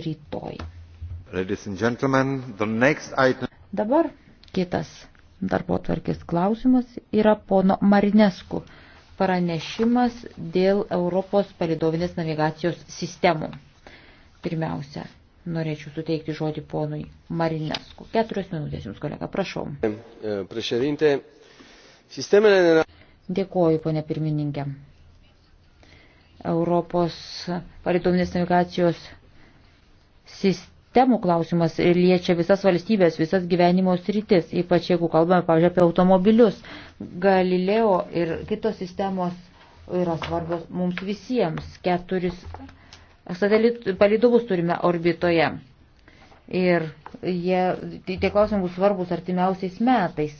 rytoj. Item... Dabar kitas darbo tvarkės klausimas yra pono Marinesku pranešimas dėl Europos palidovinės navigacijos sistemų. Pirmiausia, norėčiau suteikti žodį ponui Marinesku. Keturios minutės jums, kolega, prašau. Prašerinte, sisteminė. Dėkuoju, ponė pirmininkė. Europos palidovinės navigacijos sistemų klausimas liečia visas valstybės, visas gyvenimo sritis, ypač jeigu kalbame, pavyzdžiui, apie automobilius. Galileo ir kitos sistemos yra svarbios mums visiems. Keturis palidovus turime orbitoje. Ir jie, tai tie klausimai bus svarbus artimiausiais metais.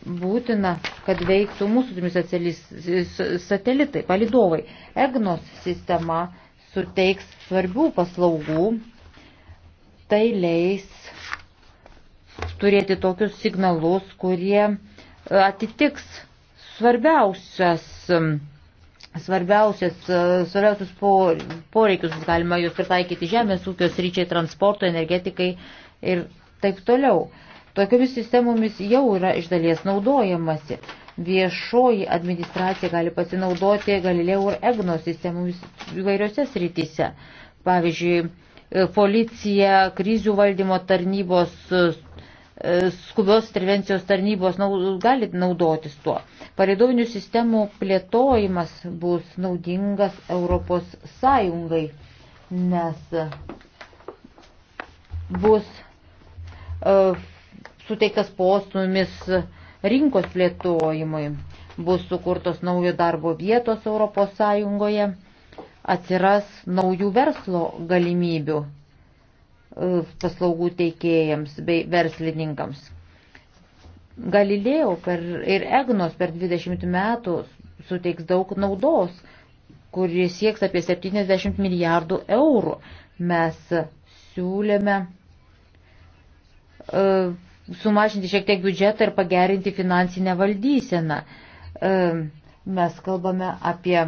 Būtina, kad veiktų mūsų satelitai, palidovai. EGNOS sistema suteiks svarbių paslaugų, tai leis turėti tokius signalus, kurie atitiks svarbiausias, svarbiausias, svarbiausius poreikius, galima juos pritaikyti žemės ūkio sryčiai, transporto, energetikai ir taip toliau. Tokiomis sistemomis jau yra iš dalies naudojamasi viešoji administracija gali pasinaudoti Galileo ir EGNO sistemomis įvairiose srityse. Pavyzdžiui, e, policija, krizių valdymo tarnybos, e, skubios intervencijos tarnybos gali naudotis tuo. Pareidovinių sistemų plėtojimas bus naudingas Europos Sąjungai, nes e, bus uh, suteiktas postumis uh, rinkos plėtojimui. Bus sukurtos naujo darbo vietos ES, atsiras naujų verslo galimybių e, paslaugų teikėjams bei verslininkams. Galilėjo per, ir Egnos per 20 metų suteiks daug naudos, kuris sieks apie 70 milijardų eurų. Mes siūlėme uh, sumažinti šiek tiek biudžetą ir pagerinti finansinę valdyseną. E, mes kalbame apie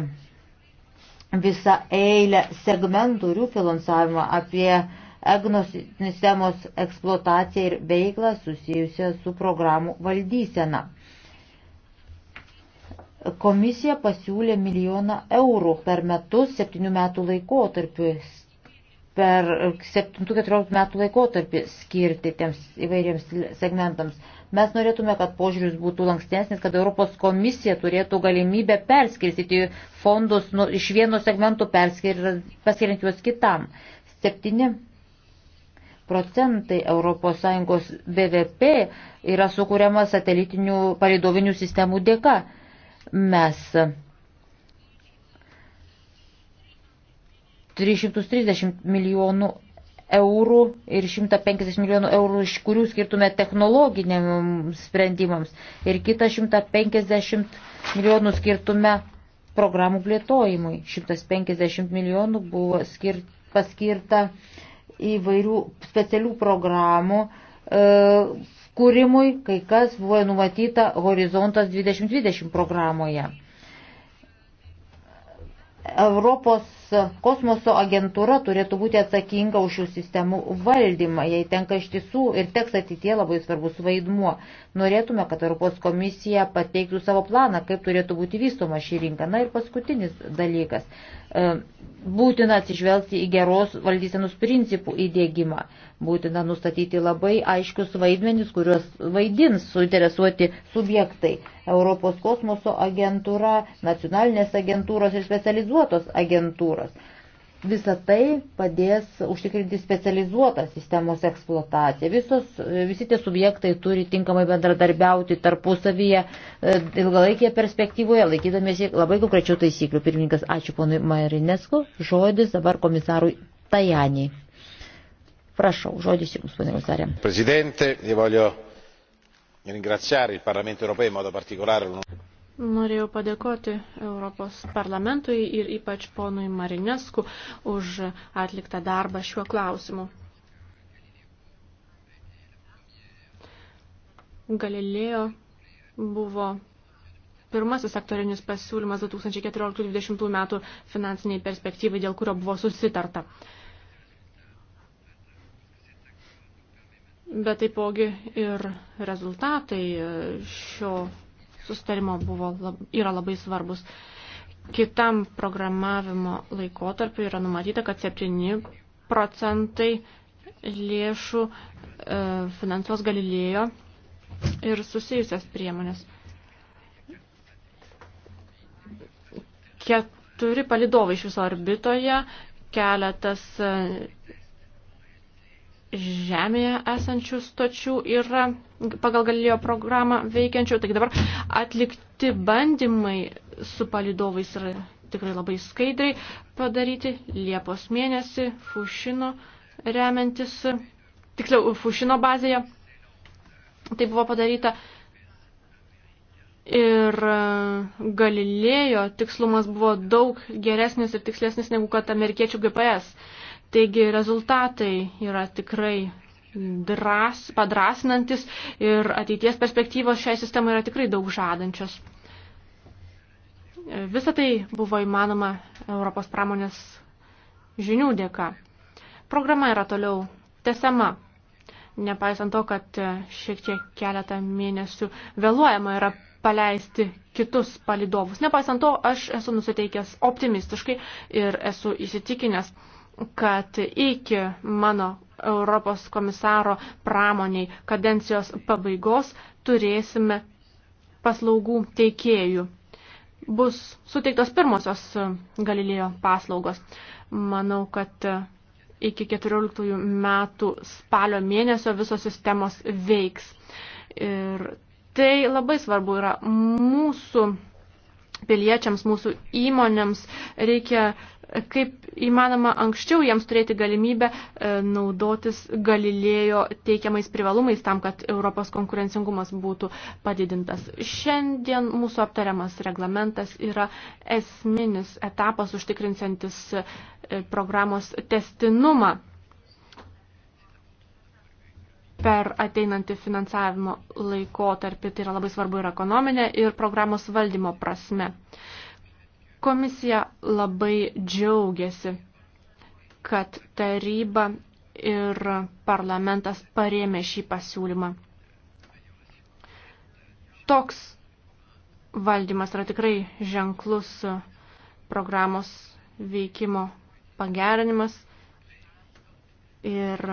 visą eilę segmentų ir jų finansavimą, apie EGNOS sistemos eksploataciją ir veiklą susijusią su programų valdysena. Komisija pasiūlė milijoną eurų per metus septynių metų laikotarpius per 7-14 metų laikotarpį skirti tiems įvairiems segmentams. Mes norėtume, kad požiūris būtų lankstesnis, kad Europos komisija turėtų galimybę perskirstyti fondus nu, iš vieno segmento perskiriant juos kitam. 7 procentai ES BVP yra sukūriama satelitinių palidovinių sistemų dėka. Mes 330 milijonų eurų ir 150 milijonų eurų, iš kurių skirtume technologiniams sprendimams ir kitą 150 milijonų skirtume programų plėtojimui. 150 milijonų buvo skirt, paskirta įvairių specialių programų e, kūrimui, kai kas buvo numatyta Horizontas 2020 programoje. Europos kosmoso agentūra turėtų būti atsakinga už šių sistemų valdymą. Jai tenka iš tiesų ir teks ateitie labai svarbus vaidmuo. Norėtume, kad Europos komisija pateiktų savo planą, kaip turėtų būti vystoma šį rinką. Na ir paskutinis dalykas. E, būtina atsižvelgti į geros valdysenos principų įdėgymą. Būtina nustatyti labai aiškius vaidmenis, kuriuos vaidins suinteresuoti subjektai. Europos kosmoso agentūra, nacionalinės agentūros ir specializuotos agentūros. Visa tai padės užtikrinti specializuotą sistemos eksploataciją. Visos, visi tie subjektai turi tinkamai bendradarbiauti tarpusavyje e, ilgalaikėje perspektyvoje, laikydamiesi labai konkrečių taisyklių. Pirmininkas, ačiū ponui Marinesku. Žodis dabar komisarui Tajaniai. Prašau, žodis Jums, ponė Komisarė. Prezidente, jie valio ringraziare il Parlamento europeo in modo particolare. Norėjau padėkoti Europos parlamentui ir ypač ponui Marinesku už atliktą darbą šiuo klausimu. Galilėjo buvo pirmasis sektorinis pasiūlymas 2014-2020 metų finansiniai perspektyvai, dėl kurio buvo susitarta. bet taipogi ir rezultatai šio sustarimo buvo, yra labai svarbus. Kitam programavimo laikotarpiu yra numatyta, kad 7 procentai lėšų e, finansuos Galilėjo ir susijusias priemonės. Keturi palidovai iš viso orbitoje, keletas e, žemėje esančių stočių yra pagal galėjo programą veikiančių. Taigi dabar atlikti bandymai su palidovais yra tikrai labai skaidriai padaryti. Liepos mėnesį Fušino remiantis, tiksliau Fušino bazėje tai buvo padaryta. Ir Galilėjo tikslumas buvo daug geresnis ir tikslesnis negu kad amerikiečių GPS. Uh, Taigi rezultatai yra tikrai dras, padrasinantis ir ateities perspektyvos šiai sistemai yra tikrai daug žadančios. Visą tai buvo įmanoma Europos pramonės žinių dėka. Programa yra toliau tesama. Nepaisant to, kad šiek tiek keletą mėnesių vėluojama yra paleisti kitus palidovus. Nepaisant to, aš esu nusiteikęs optimistiškai ir esu įsitikinęs, kad iki mano Europos komisaro pramoniai kadencijos pabaigos turėsime paslaugų teikėjų. Bus suteiktos pirmosios Galilėjo paslaugos. Manau, kad iki 14 metų spalio mėnesio visos sistemos veiks. Ir tai labai svarbu yra mūsų piliečiams, mūsų įmonėms reikia kaip įmanoma anksčiau jiems turėti galimybę e, naudotis Galilėjo teikiamais privalumais tam, kad Europos konkurencingumas būtų padidintas. Šiandien mūsų aptariamas reglamentas yra esminis etapas užtikrinsiantis e, programos testinumą per ateinantį finansavimo laikotarpį. Tai yra labai svarbu ir ekonominė, ir programos valdymo prasme. Uh, Komisija labai džiaugiasi, kad taryba ir parlamentas parėmė šį pasiūlymą. Toks valdymas yra tikrai ženklus programos veikimo pagerinimas ir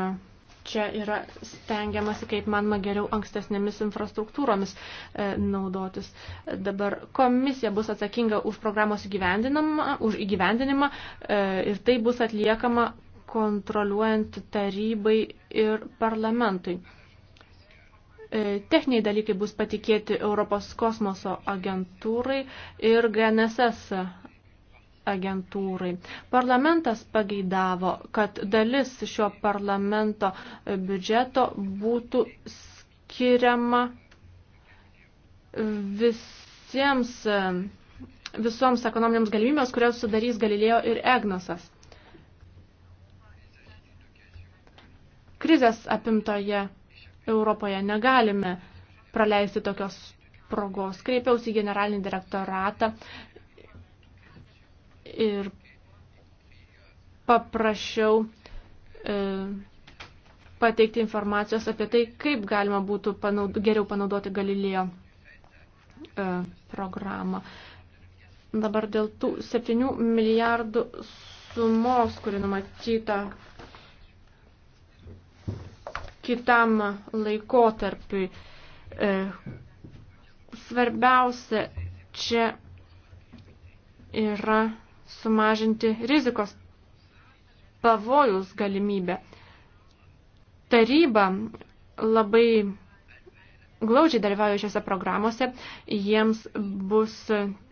čia yra stengiamasi, kaip manoma, geriau ankstesnėmis infrastruktūromis e, naudotis. Dabar komisija bus atsakinga už programos įgyvendinimą, už įgyvendinimą e, ir tai bus atliekama kontroliuojant tarybai ir parlamentui. E, techniniai dalykai bus patikėti Europos kosmoso agentūrai ir GNSS agentūrai. Parlamentas pageidavo, kad dalis šio parlamento biudžeto būtų skiriama visiems, visoms ekonominiams galimybėms, kurias sudarys Galilėjo ir Egnosas. Krizės apimtoje Europoje negalime praleisti tokios progos. Kreipiausi į generalinį direktoratą ir paprašiau e, pateikti informacijos apie tai, kaip galima būtų panaud, geriau panaudoti Galilėjo e, programą. Dabar dėl tų 7 milijardų sumos, kuri numatyta kitam laikotarpiui. E, svarbiausia čia yra sumažinti rizikos pavojus galimybę. Taryba labai glaudžiai dalyvauja šiuose programuose, jiems bus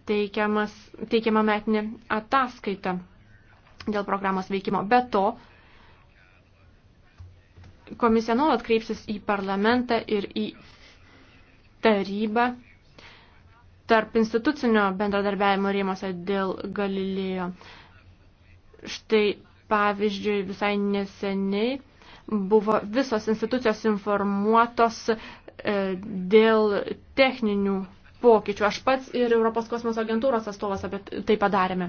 teikiamas, teikiama metinė ataskaita dėl programos veikimo. Be to, komisija nuolat kreipsis į parlamentą ir į tarybą tarp institucinio bendradarbiavimo rėmose dėl Galilėjo. Štai pavyzdžiui, visai neseniai buvo visos institucijos informuotos e, dėl techninių pokyčių. Aš pats ir Europos kosmoso agentūros atstovas apie tai padarėme.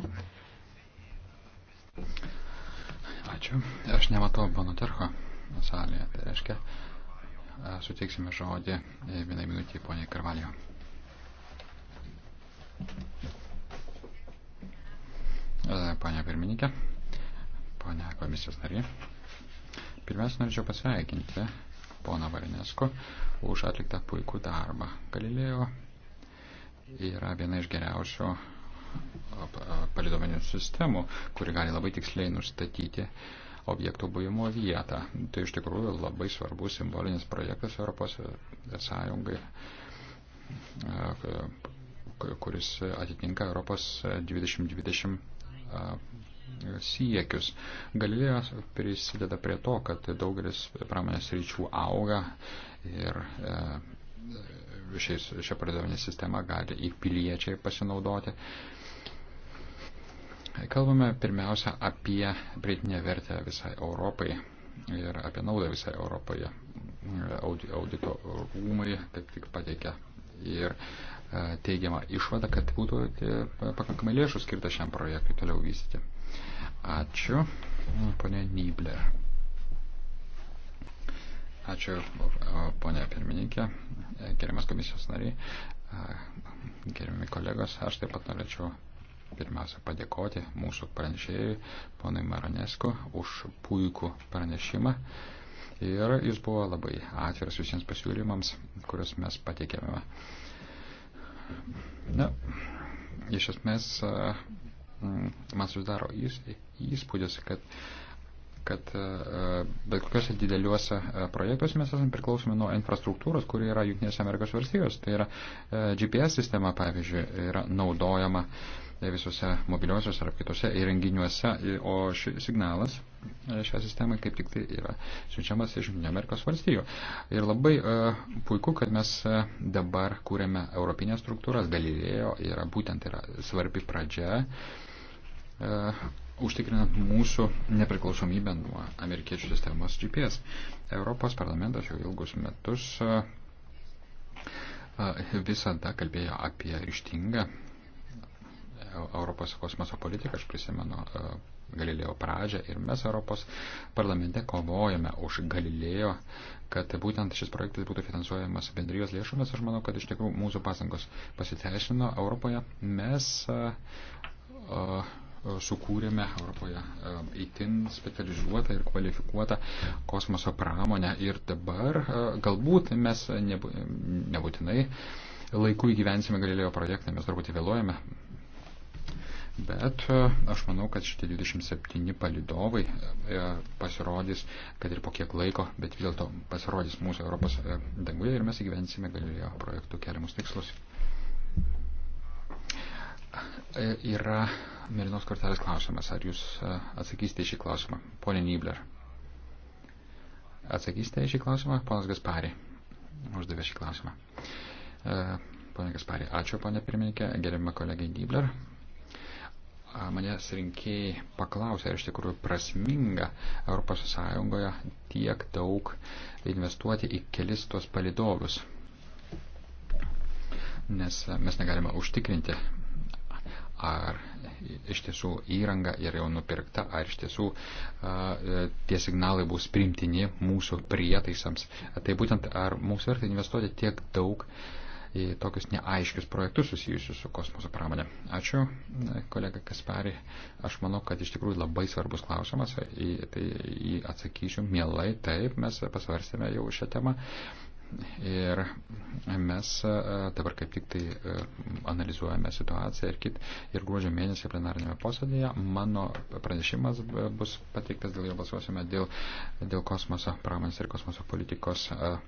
Ačiū. Aš nematau Bono Terho salėje. Tai reiškia, e, suteiksime žodį e, vienai minutį poniai Karvalijo. Pane pirmininkė, pane komisijos narė, pirmiausia, norėčiau pasveikinti poną Varinesku už atliktą puikų darbą. Galilėjo yra viena iš geriausių palidovinių sistemų, kuri gali labai tiksliai nustatyti objektų buvimo vietą. Tai iš tikrųjų labai svarbus simbolinis projektas Europos Sąjungai e, kuris atitinka Europos 2020 siekius. Galilėjo prisideda prie to, kad daugelis pramonės ryčių auga ir e, šiais, šią pardavinę sistemą gali ir piliečiai pasinaudoti. Kalbame pirmiausia apie pridėtinę vertę visai Europai ir apie naudą visai Europoje. Audito rūmai kaip tik pateikia ir E, teigiamą išvadą, kad būtų e, pakankamai lėšų skirta šiam projektui toliau vystyti. Ačiū, ponė Nybler. Ačiū, ponė pirmininkė, gerimas komisijos nariai, gerimi kolegos. Aš taip pat norėčiau pirmiausia padėkoti mūsų pranešėjui, ponui Maronesku, už puikų pranešimą. Ir jis buvo labai atviras visiems pasiūlymams, kuriuos mes pateikėme. Na, iš esmės, man susidaro įspūdis, kad kad bet kokiuose dideliuose projektuose mes esame priklausomi nuo infrastruktūros, kuri yra Junktinėse Amerikos valstijos. Tai yra GPS sistema, pavyzdžiui, yra naudojama visose mobiliuosiuose ar kitose įrenginiuose, o šis signalas šią sistemą kaip tik tai yra siunčiamas iš Amerikos valstijų. Ir labai uh, puiku, kad mes uh, dabar kūrėme europinės struktūras. Galilėjo yra būtent yra svarbi pradžia. Uh, užtikrinant mūsų nepriklausomybę nuo amerikiečių sistemos GPS. Europos parlamentas jau ilgus metus uh, visada kalbėjo apie ryštingą Europos kosmoso politiką, aš prisimenu e, Galilėjo pradžią ir mes Europos parlamente kovojame už Galilėjo, kad būtent šis projektas būtų finansuojamas bendrijos lėšomis. Aš manau, kad iš tikrųjų mūsų pasangos pasiteisino Europoje. Mes e, e, sukūrėme Europoje įtin specializuotą ir kvalifikuotą kosmoso pramonę ir dabar galbūt mes nebūtinai laiku įgyvensime Galilėjo projektą, mes turbūt įvėluojame, Bet e, aš manau, kad šitie 27 palidovai e, e, pasirodys, kad ir po kiek laiko, bet vis dėlto pasirodys mūsų Europos danguje ir mes įgyvensime galėjo projektų keliamus tikslus. Yra Mirinos kortelės klausimas. Ar jūs atsakysite į šį klausimą? Pone Nibler. Atsakysite į šį klausimą? Ponas Gaspari uždavė šį klausimą. Pone Gaspari, ačiū, pone pirmininkė, gerima kolegė Nibler manęs rinkėjai paklausė, ar iš tikrųjų prasminga ES tiek daug investuoti į kelis tuos palidovus. Nes mes negalime užtikrinti, ar iš tiesų įranga yra jau nupirkta, ar iš tiesų a, tie signalai bus primtini mūsų prietaisams. Tai būtent ar mums verta investuoti tiek daug a, į tokius neaiškius projektus susijusius su kosmoso pramonė. Ačiū, kolega Kaspari. Aš manau, kad iš tikrųjų labai svarbus klausimas. Į, tai į atsakysiu mielai. Taip, mes pasvarstėme jau šią temą. Ir mes e, dabar kaip tik tai e, analizuojame situaciją ir, kit, ir gruodžio mėnesį plenarinėme posėdėje mano pranešimas bus pateiktas, dėl jo balsuosime dėl, dėl kosmoso pramonės ir kosmoso politikos. Uh,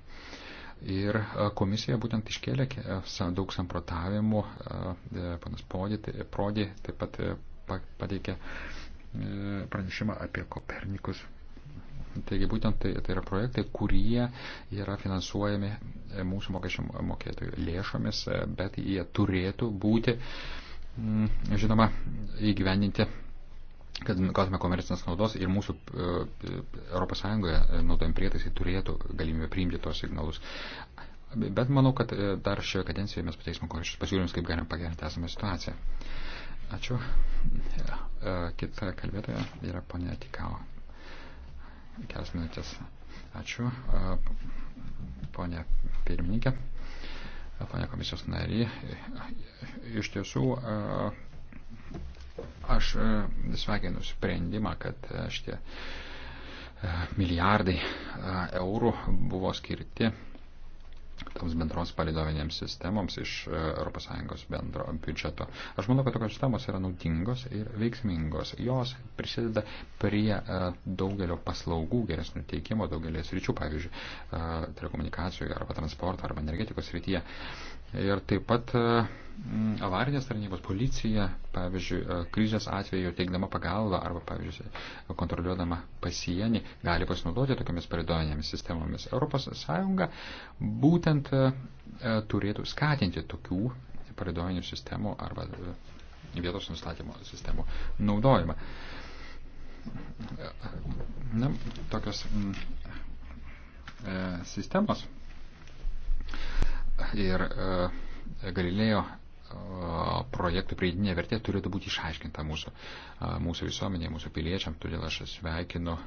Ir e, komisija būtent iškėlė e, daug samprotavimų, e, panas Prodė taip pat pateikė pranešimą apie Kopernikus. Taigi būtent tai, tai yra projektai, kurie yra finansuojami mūsų mokesčių mokėtojų lėšomis, bet jie turėtų būti, žinoma, įgyvendinti kad gautume komercinės naudos ir mūsų ES e, naudojami prietaisai turėtų galimybę priimti tos signalus. Bet manau, kad e, dar šioje kadencijoje mes pateiksim konkrečius pasiūlymus, kaip galim pagerinti esamą situaciją. Ačiū. E, kita kalbėtoja yra ponia Tikao. Kelias minutės. Ačiū. Ponia pirmininkė, ponia komisijos nariai. Iš tiesų, Aš e, sveikinu sprendimą, kad e, šitie e, milijardai eurų buvo skirti toms bendros palidovinėms sistemoms iš ES bendro biudžeto. Aš manau, kad tokios sistemos yra naudingos ir veiksmingos. Jos prisideda prie daugelio paslaugų geresnių teikimo daugelės ryčių, pavyzdžiui, telekomunikacijų arba transporto arba energetikos srityje. Ir taip pat e, avarinės tarnybos policija, pavyzdžiui, e, krizės atveju teikdama pagalbą arba, pavyzdžiui, kontroliuodama pasienį, gali pasinaudoti tokiamis paridoninėmis sistemomis. ES būtent e, turėtų skatinti tokių paridoninių sistemų arba vietos nustatymo sistemų naudojimą. Na, tokios m, e, sistemos ir e, Galilėjo e, projektų prieidinė vertė turėtų būti išaiškinta mūsų, e, mūsų visuomenė, mūsų piliečiam, todėl aš sveikinu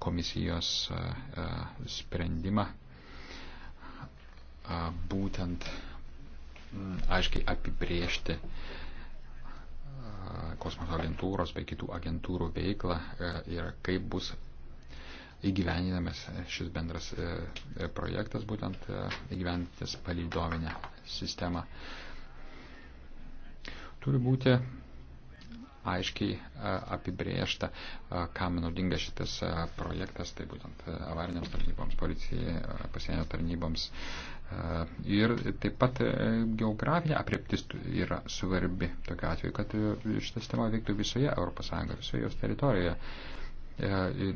komisijos sprendimą būtent aiškiai apibriežti kosmoso agentūros bei kitų agentūrų veiklą ir kaip bus įgyveninamas e, šis bendras e, e, projektas, būtent įgyventis palydovinę sistemą. Turi būti aiškiai apibriešta, kam naudinga šitas projektas, tai būtent avariniams tarnyboms, policijai, pasienio tarnyboms. Ir taip pat geografinė apreptis yra svarbi tokia atveju, kad šitą sistemą veiktų visoje ES, visoje jos teritorijoje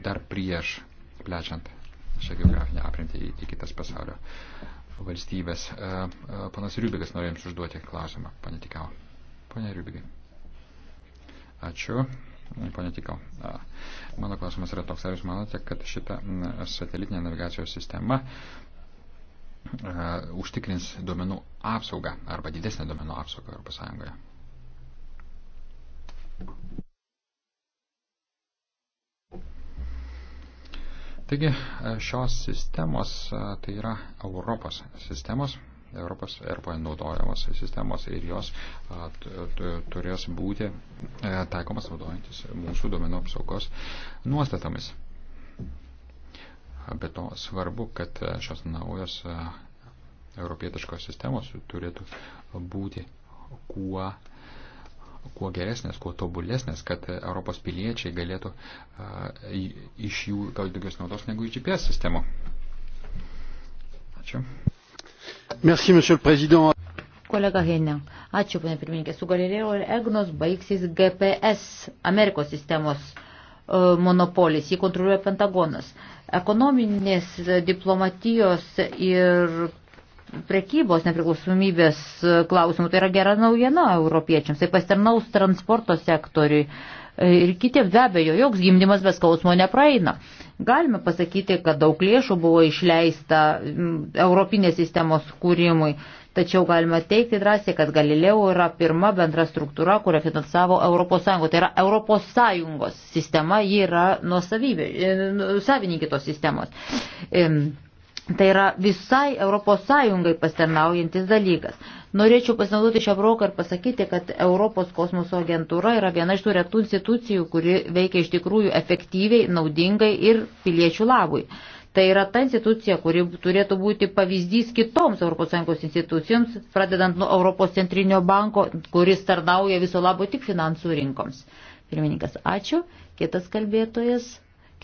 dar prieš plečiant šią geografinę aprimtį į, į kitas pasaulio valstybės. E, e, Panas Rybigas norėjo jums užduoti klausimą, pane Tikau. Pane Rybigai. Ačiū. Pane Tikau. Mano klausimas yra toks, ar jūs manote, kad šita satelitinė navigacijos sistema e, užtikrins duomenų apsaugą arba didesnę duomenų apsaugą Europos Sąjungoje? Taigi e, šios sistemos, e, tai yra Europos sistemos, Europos Europoje naudojamos sistemos ir jos e, turės būti taikomas naudojantis mūsų duomenų apsaugos nuostatomis. Be to svarbu, kad šios naujos europietiškos sistemos turėtų būti kuo kuo geresnės, kuo tobulesnės, kad e, Europos piliečiai galėtų uh, iš jų gauti daugiau naudos negu iš GPS sistemų. Ačiū. Merci, monsieur le président. Kolega Henė, ačiū, panė pirmininkė. Su Galileo ir EGNOS baigsis GPS Amerikos sistemos uh, monopolis, jį kontroliuoja Pentagonas. Ekonominės diplomatijos ir prekybos nepriklausomybės klausimų. Tai yra gera naujiena europiečiams. Tai pasitarnaus transporto sektoriui ir kitiems be abejo, joks gimdymas be skausmo nepraeina. Galime pasakyti, kad daug lėšų buvo išleista mm, Europinės sistemos kūrimui, tačiau galime teikti drąsiai, kad Galileo yra pirma bendra struktūra, kurią finansavo ES. Tai yra ES sistema, ji yra nuosavybė, e, nu, savininkitos sistemos. Tai yra visai ES pasitarnaujantis dalykas. Norėčiau pasinaudoti šią broką ir pasakyti, kad Europos kosmoso agentūra yra viena iš tų retų institucijų, kuri veikia iš tikrųjų efektyviai, naudingai ir piliečių labui. Tai yra ta institucija, kuri turėtų būti pavyzdys kitoms ES institucijoms, pradedant nuo Europos centrinio banko, kuris tarnauja viso labo tik finansų rinkoms. Pirmininkas, ačiū. Kitas kalbėtojas,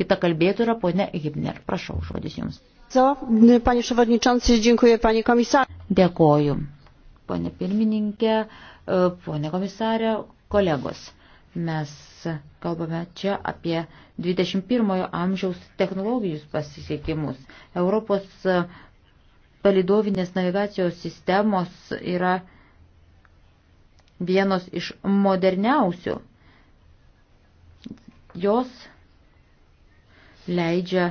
kita kalbėtoja yra ponia Hibner. Prašau, žodis jums. Dėkoju, ponė pirmininkė, e, ponė komisarė, kolegos. Mes kalbame čia apie 21 amžiaus technologijus pasisiekimus. Europos palidovinės navigacijos sistemos yra vienos iš moderniausių. Jos leidžia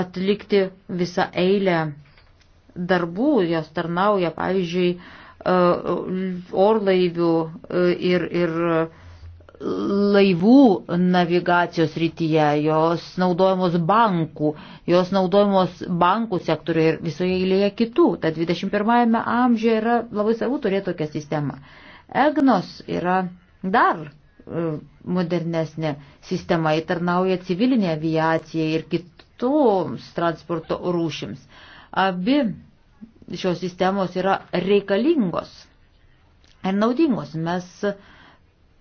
atlikti visą eilę darbų, jos tarnauja, pavyzdžiui, e, orlaivių e, ir, ir laivų navigacijos rytyje, jos naudojamos bankų, jos naudojamos bankų sektoriuje ir visoje eilėje kitų. Tad 21-ame amžiuje yra labai svarbu turėti tokią sistemą. EGNOS yra dar e, modernesnė sistema, įtarnauja civilinė aviacija ir kitų metu transporto rūšims. Abi šios sistemos yra reikalingos ir naudingos. Mes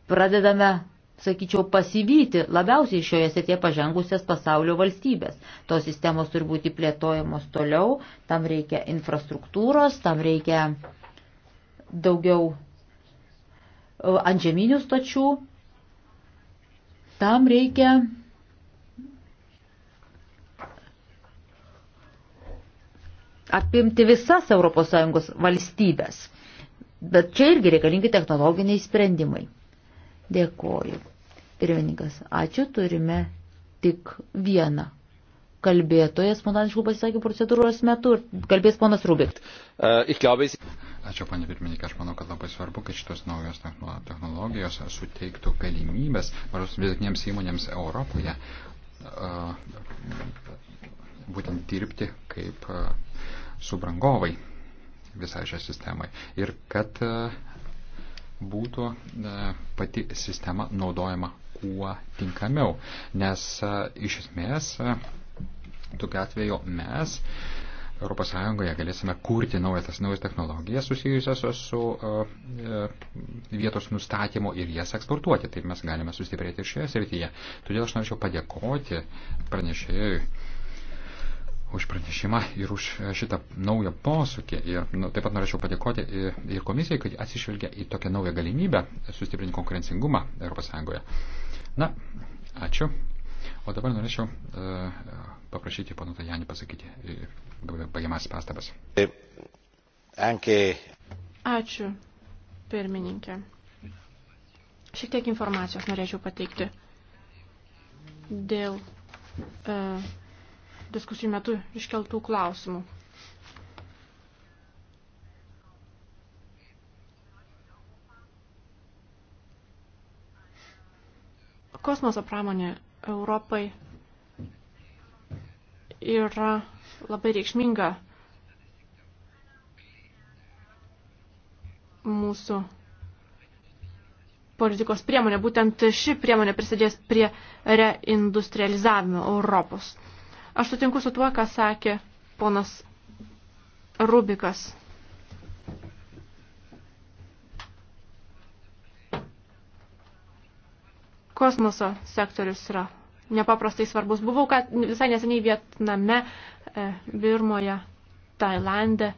pradedame, sakyčiau, pasivyti labiausiai šioje srityje pažengusias pasaulio valstybės. Tos sistemos turi būti plėtojamos toliau, tam reikia infrastruktūros, tam reikia daugiau e, antžeminių stočių, tam reikia apimti visas ES valstybės. Bet čia irgi reikalingi technologiniai sprendimai. Dėkoju. Pirmininkas, ačiū, turime tik vieną kalbėtojas spontaniškų pasisakymų procedūros metu ir kalbės ponas Rubik. Uh, ačiū, panė pirmininkė, aš manau, kad labai svarbu, kad šitos naujos technologijos suteiktų galimybės mažos vidutinėms įmonėms Europoje uh, būtent dirbti kaip e, subrangovai visai šią sistemai ir kad e, būtų e, pati sistema naudojama kuo tinkamiau, nes iš esmės tokiu atveju mes ES galėsime kurti naujas, tas naujas technologijas susijusias su uh, vietos nustatymu ir jas eksportuoti. Taip mes galime sustiprėti ir šioje srityje. Todėl aš norėčiau padėkoti pranešėjui už pranešimą ir už e, šitą naują posūkį. Ir nu, taip pat norėčiau padėkoti ir, ir komisijai, kad atsižvelgia į tokią naują galimybę sustiprinti konkurencingumą ES. Na, ačiū. O dabar norėčiau uh, paprašyti pono Tajanį pasakyti baigiamas pastabas. E, ačiū, pirmininkė. Šiek tiek informacijos norėčiau pateikti dėl uh, diskusijų metu iškeltų klausimų. Kosmoso pramonė Europai yra labai reikšminga mūsų politikos priemonė. Būtent ši priemonė prisidės prie reindustrializavimo Europos. Aš sutinku su tuo, ką sakė ponas Rubikas. Kosmoso sektorius yra nepaprastai svarbus. Buvau kad visai neseniai Vietname, e, Birmoje, Tailande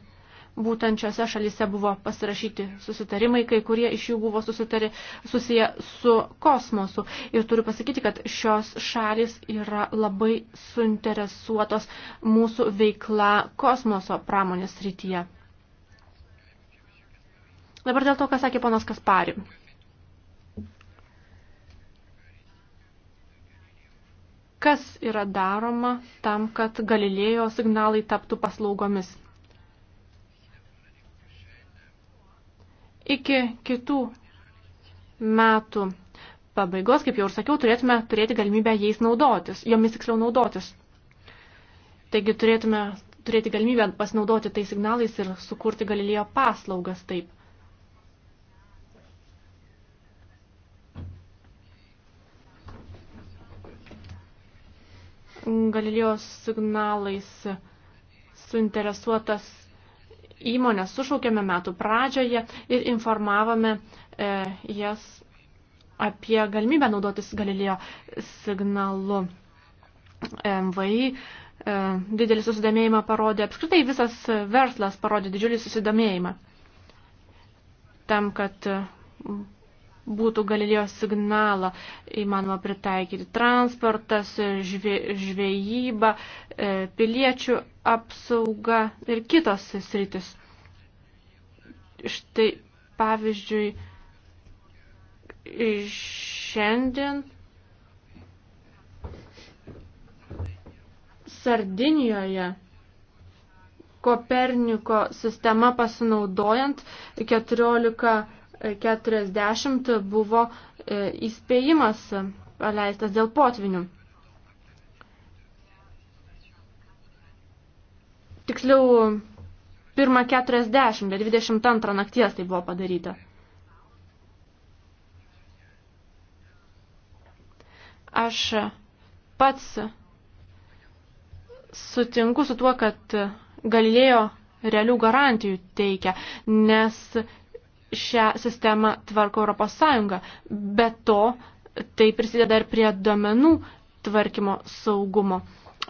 būtent šiose šalise buvo pasirašyti susitarimai, kai kurie iš jų buvo susitari, susiję su kosmosu. Ir turiu pasakyti, kad šios šalis yra labai suinteresuotos mūsų veikla kosmoso pramonės rytyje. Dabar dėl to, ką sakė ponas Kaspari. Kas yra daroma tam, kad Galilėjo signalai taptų paslaugomis? iki kitų metų pabaigos, kaip jau ir sakiau, turėtume turėti galimybę jais naudotis, jomis tiksliau naudotis. Taigi turėtume turėti galimybę pasinaudoti tais signalais ir sukurti Galilėjo paslaugas taip. Galilėjo signalais suinteresuotas įmonę sušaukėme metų pradžioje ir informavome e, jas apie galimybę naudotis Galilėjo signalu. MVI e, didelį susidomėjimą parodė, apskritai visas verslas parodė didžiulį susidomėjimą tam, kad būtų galilėjo signalą įmanoma pritaikyti transportas, žvė, žvėjyba, e, piliečių apsauga ir kitos sritis. Štai pavyzdžiui, šiandien Sardinijoje Koperniko sistema pasinaudojant 14 40 buvo e, įspėjimas paleistas dėl potvinių. Tiksliau, pirmą 40, 22 nakties tai buvo padaryta. Aš pats sutinku su tuo, kad Galilėjo realių garantijų teikia, nes šią sistemą tvarko Europos Sąjunga. Be to, tai prisideda ir prie domenų tvarkymo saugumo.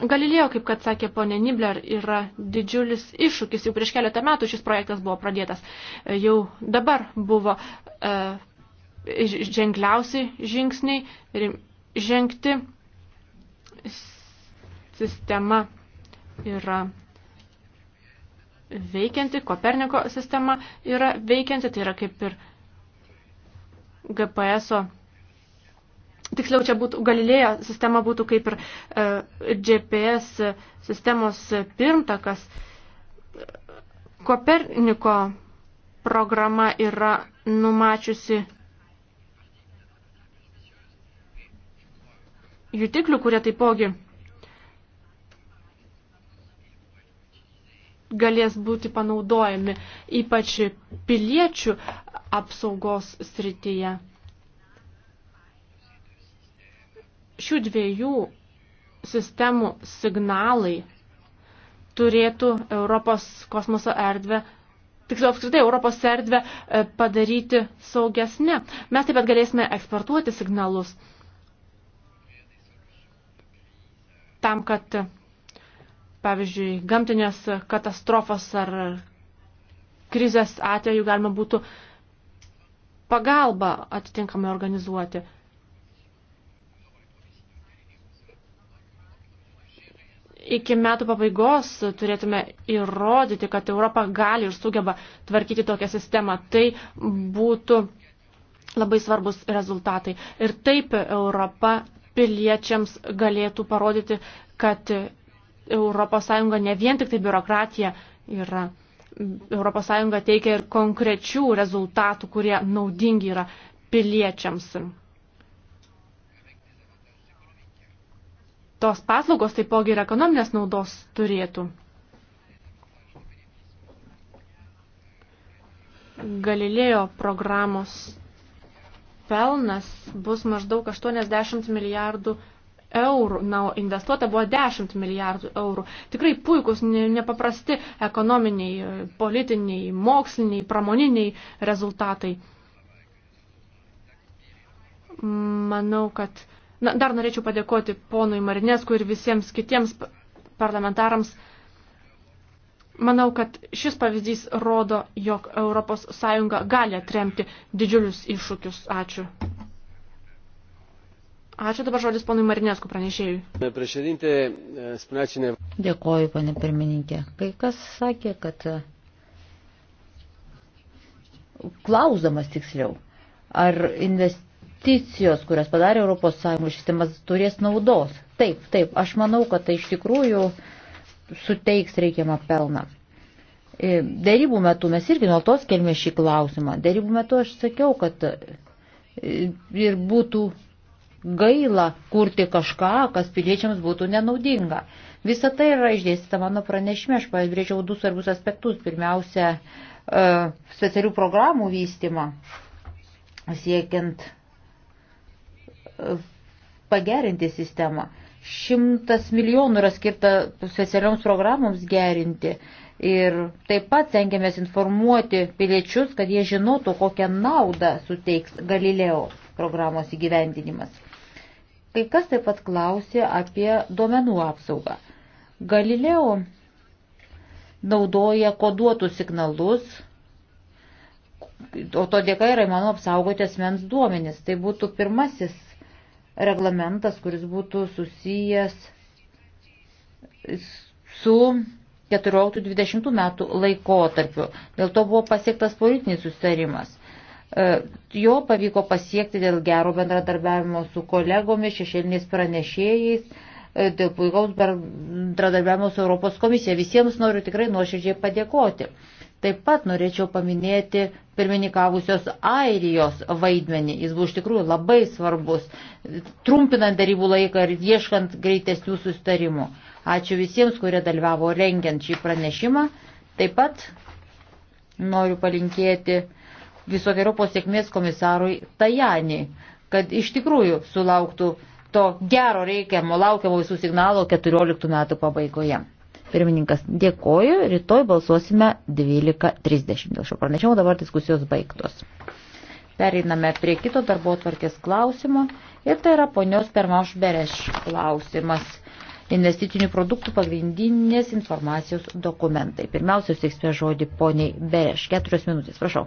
Galilėjo, kaip kad sakė ponė Nibler, yra didžiulis iššūkis. Jau prieš keletą metų šis projektas buvo pradėtas. Jau dabar buvo e, ženkliausi žingsniai ir žengti. Sistema yra veikianti, Koperniko sistema yra veikianti, tai yra kaip ir GPS-o. Tiksliau, čia būtų Galilėjo sistema būtų kaip ir e, GPS sistemos pirmtakas. Koperniko programa yra numačiusi jutiklių, kurie taipogi galės būti panaudojami ypač piliečių apsaugos srityje. Šių dviejų sistemų signalai turėtų Europos kosmoso erdvę, tiksliau apskritai Europos erdvę e, padaryti saugesnė. Mes taip pat galėsime eksportuoti signalus tam, kad pavyzdžiui, gamtinės katastrofos ar krizės atveju galima būtų pagalbą atitinkamai organizuoti. Iki metų pabaigos turėtume įrodyti, kad Europa gali ir sugeba tvarkyti tokią sistemą. Tai būtų labai svarbus rezultatai. Ir taip Europa piliečiams galėtų parodyti, kad ES ne vien tik tai biurokratija yra. ES teikia ir konkrečių rezultatų, kurie naudingi yra piliečiams. Tos paslaugos taipogi ir ekonominės naudos turėtų. Galilėjo programos pelnas bus maždaug 80 milijardų eurų eurų, na, o investuota buvo 10 milijardų eurų. Tikrai puikus, nepaprasti ekonominiai, politiniai, moksliniai, pramoniniai rezultatai. Manau, kad na, dar norėčiau padėkoti ponui Marineskui ir visiems kitiems parlamentarams. Manau, kad šis pavyzdys rodo, jog ES gali atremti didžiulius iššūkius. Ačiū. Ačiū dabar žodis ponui Marinesku pranešėjui. Dėkoju, pane pirmininkė. Kai kas sakė, kad klausdamas tiksliau, ar investicijos, kurias padarė ES sistemas, turės naudos. Taip, taip, aš manau, kad tai iš tikrųjų suteiks reikiamą pelną. E, dėrybų metu mes irgi nuolatos kelmė šį klausimą. Dėrybų metu aš sakiau, kad e, ir būtų gaila kurti kažką, kas piliečiams būtų nenaudinga. Visa tai yra išdėstyta mano pranešime, aš pabrėžiau du svarbus aspektus. Pirmiausia, e, specialių programų vystymą, siekiant e, pagerinti sistemą. Šimtas milijonų yra skirta specialioms programoms gerinti. Ir taip pat stengiamės informuoti piliečius, kad jie žinotų, kokią naudą suteiks Galileo programos įgyvendinimas. Kai kas taip pat klausė apie duomenų apsaugą. Galileo naudoja koduotus signalus, o to dėka yra įmanoma apsaugoti asmens duomenis. Tai būtų pirmasis reglamentas, kuris būtų susijęs su 14-20 metų laikotarpiu. Dėl to buvo pasiektas politinis susitarimas. E, jo pavyko pasiekti dėl gero bendradarbiavimo su kolegomis, šešėliniais pranešėjais, e, dėl puikaus bendradarbiavimo su Europos komisija. Visiems noriu tikrai nuoširdžiai padėkoti. Taip pat norėčiau paminėti pirmininkavusios Airijos vaidmenį. Jis buvo iš tikrųjų labai svarbus, trumpinant darybų laiką ir ieškant greitesnių sustarimų. Ačiū visiems, kurie dalyvavo rengiant šį pranešimą. Taip pat noriu palinkėti visokiojo pasiekmės komisarui Tajani, kad iš tikrųjų sulauktų to gero reikiamo, laukiamo visų signalo 14 metų pabaigoje. Pirmininkas, dėkoju, rytoj balsuosime 12.30. Dėl šio pranešimo dabar diskusijos baigtos. Pereiname prie kito darbo tvarkės klausimo ir tai yra ponios Permaš Bereš klausimas. Investicinių produktų pagrindinės informacijos dokumentai. Pirmiausia, suteiksime žodį poniai Bereš. Keturios minutės, prašau